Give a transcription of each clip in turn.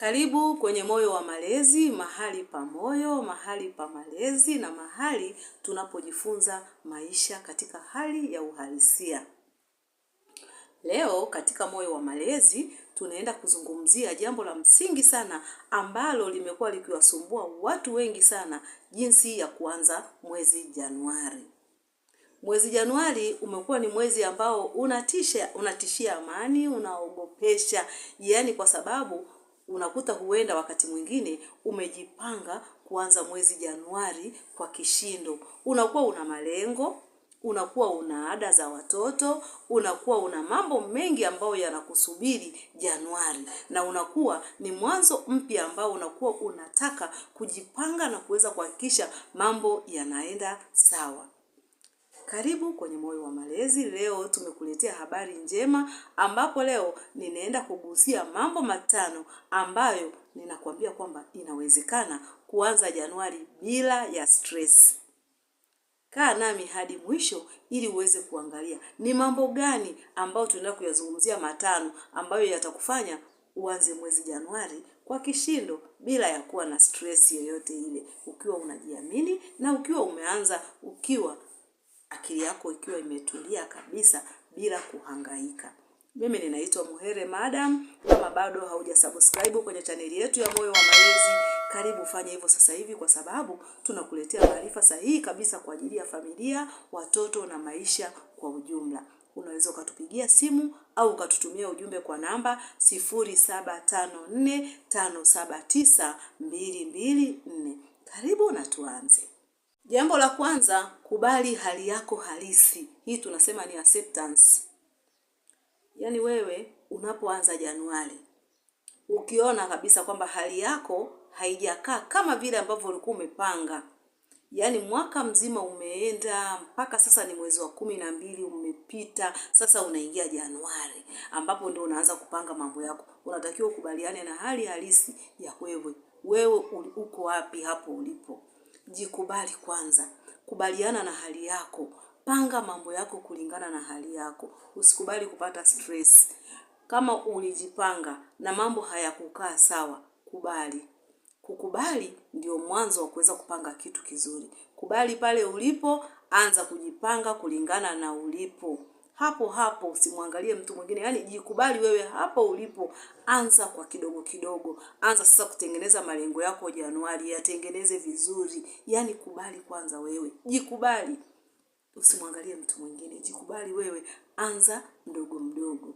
Karibu kwenye Moyo wa Malezi, mahali pa moyo, mahali pa malezi na mahali tunapojifunza maisha katika hali ya uhalisia. Leo katika Moyo wa Malezi tunaenda kuzungumzia jambo la msingi sana ambalo limekuwa likiwasumbua watu wengi sana, jinsi ya kuanza mwezi Januari. Mwezi Januari umekuwa ni mwezi ambao unatisha, unatishia amani, unaogopesha, yaani kwa sababu unakuta huenda wakati mwingine umejipanga kuanza mwezi Januari kwa kishindo. Unakuwa una malengo, unakuwa una ada za watoto, unakuwa una mambo mengi ambayo yanakusubiri Januari, na unakuwa ni mwanzo mpya ambao unakuwa unataka kujipanga na kuweza kuhakikisha mambo yanaenda sawa. Karibu kwenye Moyo wa Malezi. Leo tumekuletea habari njema, ambapo leo ninaenda kugusia mambo matano ambayo ninakwambia kwamba inawezekana kuanza Januari bila ya stress. Kaa nami hadi mwisho ili uweze kuangalia ni mambo gani ambayo tunaenda kuyazungumzia matano, ambayo yatakufanya uanze mwezi Januari kwa kishindo bila ya kuwa na stress yoyote ile, ukiwa unajiamini na ukiwa umeanza ukiwa akili yako ikiwa imetulia kabisa bila kuhangaika. Mimi ninaitwa Muhere Madam. Kama bado hauja subscribe kwenye chaneli yetu ya Moyo wa Malezi, karibu fanya hivyo sasa hivi, kwa sababu tunakuletea maarifa sahihi kabisa kwa ajili ya familia, watoto na maisha kwa ujumla. Unaweza ukatupigia simu au ukatutumia ujumbe kwa namba 0754579224. Karibu na tuanze. Jambo la kwanza, kubali hali yako halisi. Hii tunasema ni acceptance. Yaani wewe unapoanza Januari ukiona kabisa kwamba hali yako haijakaa kama vile ambavyo ulikuwa umepanga, yaani mwaka mzima umeenda mpaka sasa ni mwezi wa kumi na mbili umepita, sasa unaingia Januari ambapo ndio unaanza kupanga mambo yako. Unatakiwa ukubaliane na hali halisi ya wewe, wewe uko wapi hapo ulipo. Jikubali kwanza, kubaliana na hali yako, panga mambo yako kulingana na hali yako. Usikubali kupata stress. Kama ulijipanga na mambo hayakukaa sawa, kubali. Kukubali ndio mwanzo wa kuweza kupanga kitu kizuri. Kubali pale ulipo, anza kujipanga kulingana na ulipo hapo hapo, usimwangalie mtu mwingine. yani jikubali wewe hapo ulipo, anza kwa kidogo kidogo. Anza sasa kutengeneza malengo yako Januari, yatengeneze vizuri. yani kubali kwanza wewe, jikubali, usimwangalie mtu mwingine, jikubali wewe, anza mdogo mdogo.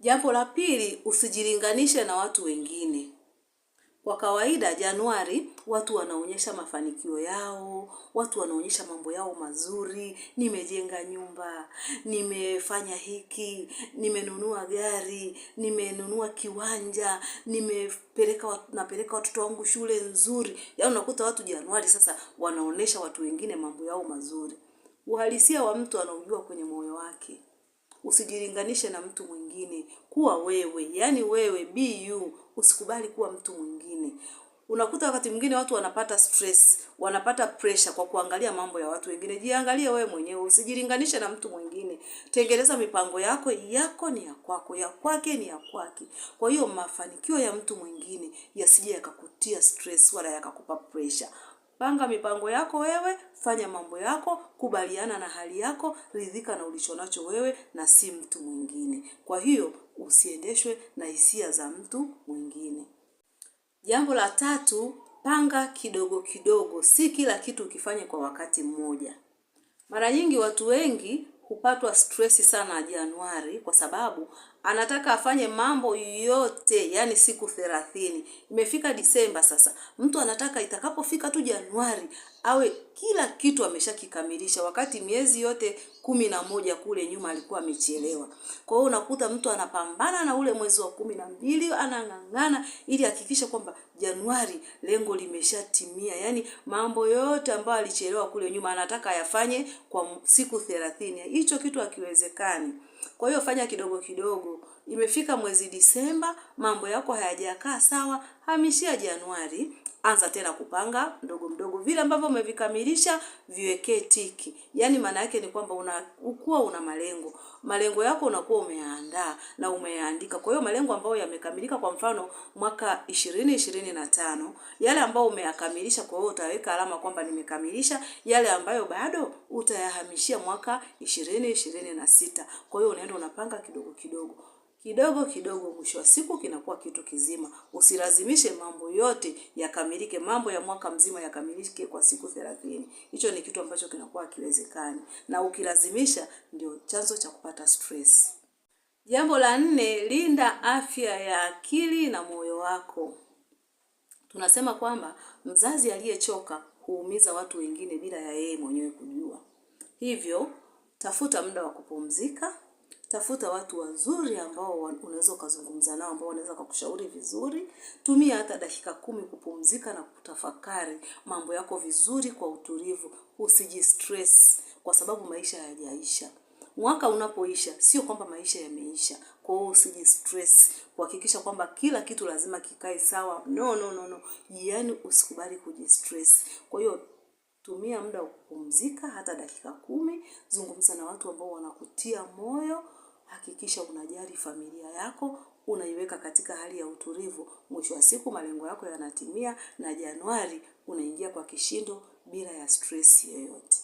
Jambo la pili, usijilinganishe na watu wengine. Kwa kawaida Januari watu wanaonyesha mafanikio yao, watu wanaonyesha mambo yao mazuri, nimejenga nyumba, nimefanya hiki, nimenunua gari, nimenunua kiwanja, nimepeleka napeleka watoto wangu shule nzuri. Yaani unakuta watu Januari sasa wanaonyesha watu wengine mambo yao mazuri. Uhalisia wa mtu anaujua kwenye moyo wake. Usijilinganishe na mtu mwingine, kuwa wewe, yani wewe, be you. Usikubali kuwa mtu mwingine. Unakuta wakati mwingine watu wanapata stress, wanapata pressure kwa kuangalia mambo ya watu wengine. Jiangalie wewe mwenyewe, usijilinganishe na mtu mwingine. Tengeneza mipango yako, yako ni ya kwako, ya kwake ni ya kwake. Kwa hiyo mafanikio ya mtu mwingine yasije yakakutia stress wala yakakupa pressure. Panga mipango yako wewe, fanya mambo yako, kubaliana na hali yako, ridhika na ulichonacho wewe na si mtu mwingine. Kwa hiyo usiendeshwe na hisia za mtu mwingine. Jambo la tatu, panga kidogo kidogo, si kila kitu ukifanye kwa wakati mmoja. Mara nyingi watu wengi hupatwa stresi sana Januari kwa sababu anataka afanye mambo yote, yani siku thelathini. Imefika Disemba sasa, mtu anataka itakapofika tu Januari awe kila kitu ameshakikamilisha, wakati miezi yote kumi na moja kule nyuma alikuwa amechelewa. Kwa hiyo unakuta mtu anapambana na ule mwezi wa kumi na mbili anang'ang'ana, ili hakikisha kwamba Januari lengo limeshatimia, yani mambo yote ambayo alichelewa kule nyuma anataka ayafanye kwa siku thelathini. Hicho kitu hakiwezekani. Kwa hiyo fanya kidogo kidogo. Imefika mwezi Disemba, mambo yako hayajakaa sawa, hamishia Januari anza tena kupanga mdogo mdogo. Vile ambavyo umevikamilisha viwekee tiki, yaani maana yake ni kwamba unakuwa una malengo, malengo yako unakuwa umeandaa na umeyaandika. Kwa hiyo malengo ambayo yamekamilika, kwa mfano mwaka ishirini ishirini yale ambayo umeyakamilisha, kwa hiyo utaweka alama kwamba nimekamilisha. Yale ambayo bado utayahamishia mwaka ishirini ishirini sita. Kwa hiyo unaenda unapanga kidogo kidogo kidogo kidogo, mwisho wa siku kinakuwa kitu kizima. Usilazimishe mambo yote yakamilike, mambo ya mwaka mzima yakamilike kwa siku thelathini. Hicho ni kitu ambacho kinakuwa kiwezekani na ukilazimisha ndio chanzo cha kupata stress. Jambo la nne, linda afya ya akili na moyo wako. Tunasema kwamba mzazi aliyechoka huumiza watu wengine bila ya yeye mwenyewe kujua. Hivyo tafuta muda wa kupumzika, tafuta watu wazuri ambao unaweza ukazungumza nao, ambao wanaweza kukushauri vizuri. Tumia hata dakika kumi kupumzika na kutafakari mambo yako vizuri kwa utulivu, usijistress kwa sababu maisha hayajaisha. Mwaka unapoisha sio kwamba maisha yameisha. Kwa hiyo usijistress kuhakikisha kwamba kila kitu lazima kikae sawa. No, no, no, no. Yaani usikubali kujistress. Kwa hiyo tumia muda wa kupumzika hata dakika kumi, zungumza na watu ambao wanakutia moyo, hakikisha unajali familia yako, unaiweka katika hali ya utulivu. Mwisho wa siku malengo yako yanatimia, na Januari unaingia kwa kishindo bila ya stress yoyote.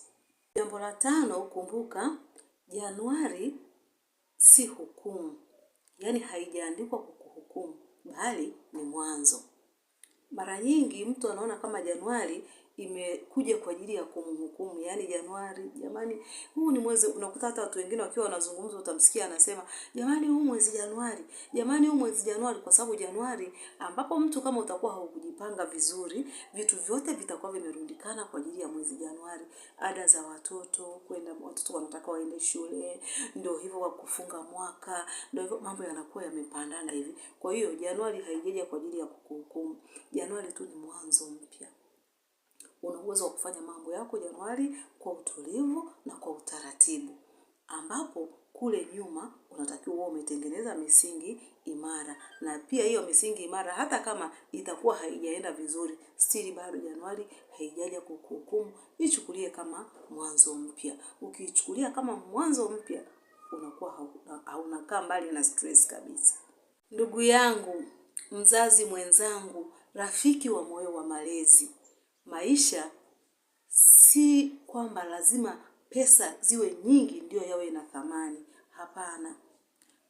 Jambo la tano, kumbuka Januari si hukumu, yaani haijaandikwa kukuhukumu, bali ni mwanzo. Mara nyingi mtu anaona kama Januari imekuja kwa ajili ya kumhukumu, yaani Januari. Jamani, huu ni mwezi unakuta hata watu wengine wakiwa wanazungumza utamsikia anasema jamani, huu mwezi Januari, jamani, huu mwezi Januari, kwa sababu Januari ambapo mtu kama utakuwa haukujipanga vizuri, vitu vyote vitakuwa vimerundikana kwa ajili ya mwezi Januari, ada za watoto kwenda, watoto wanataka waende shule, ndio hivyo, wa kufunga mwaka, ndio hivyo, mambo yanakuwa yamepandana hivi. Kwa hiyo Januari haijaja kwa ajili ya kukuhukumu. Januari tu ni mwanzo mpya una uwezo wa kufanya mambo yako Januari kwa utulivu na kwa utaratibu, ambapo kule nyuma unatakiwa uwe umetengeneza misingi imara, na pia hiyo misingi imara, hata kama itakuwa haijaenda vizuri, stili bado Januari haijaja kukuhukumu. Ichukulie kama mwanzo mpya. Ukiichukulia kama mwanzo mpya, unakuwa haunakaa mbali na stress kabisa. Ndugu yangu, mzazi mwenzangu, rafiki wa moyo wa malezi, maisha si kwamba lazima pesa ziwe nyingi ndio yawe na thamani. Hapana,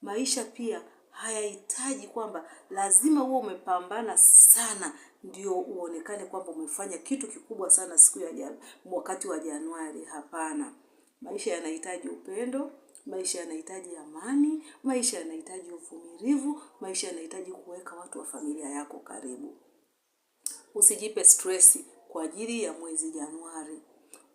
maisha pia hayahitaji kwamba lazima uwe umepambana sana ndio uonekane kwamba umefanya kitu kikubwa sana siku ya jana, wakati wa Januari. Hapana, maisha yanahitaji upendo, maisha yanahitaji amani, maisha yanahitaji uvumilivu, maisha yanahitaji kuweka watu wa familia yako karibu. Usijipe stresi kwa ajili ya mwezi Januari.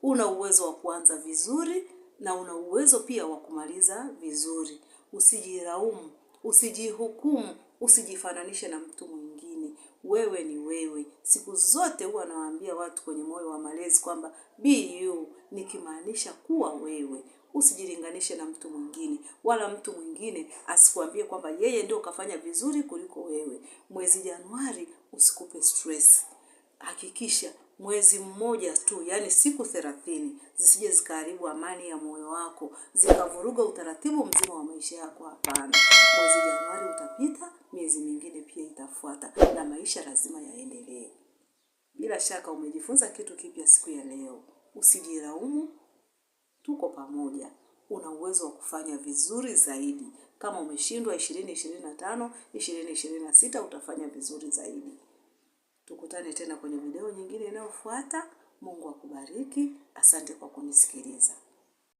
Una uwezo wa kuanza vizuri na una uwezo pia wa kumaliza vizuri. Usijilaumu, usijihukumu, usijifananishe na mtu mwingine. Wewe ni wewe. Siku zote huwa nawaambia watu kwenye moyo wa malezi kwamba be you, nikimaanisha kuwa wewe. Usijilinganishe na mtu mwingine, wala mtu mwingine asikuambie kwamba yeye ndio kafanya vizuri kuliko wewe. Mwezi Januari usikupe stress, hakikisha mwezi mmoja tu, yani siku thelathini, zisije zikaharibu amani ya moyo wako, zikavuruga utaratibu mzima wa maisha yako. Hapana, mwezi Januari utapita, miezi mingine pia itafuata, na maisha lazima yaendelee. Bila shaka umejifunza kitu kipya siku ya leo. Usijilaumu, tuko pamoja. Una uwezo wa kufanya vizuri zaidi. Kama umeshindwa ishirini ishirini na utafanya vizuri zaidi. Tukutane tena kwenye video nyingine inayofuata. Mungu akubariki. Asante kwa kunisikiliza.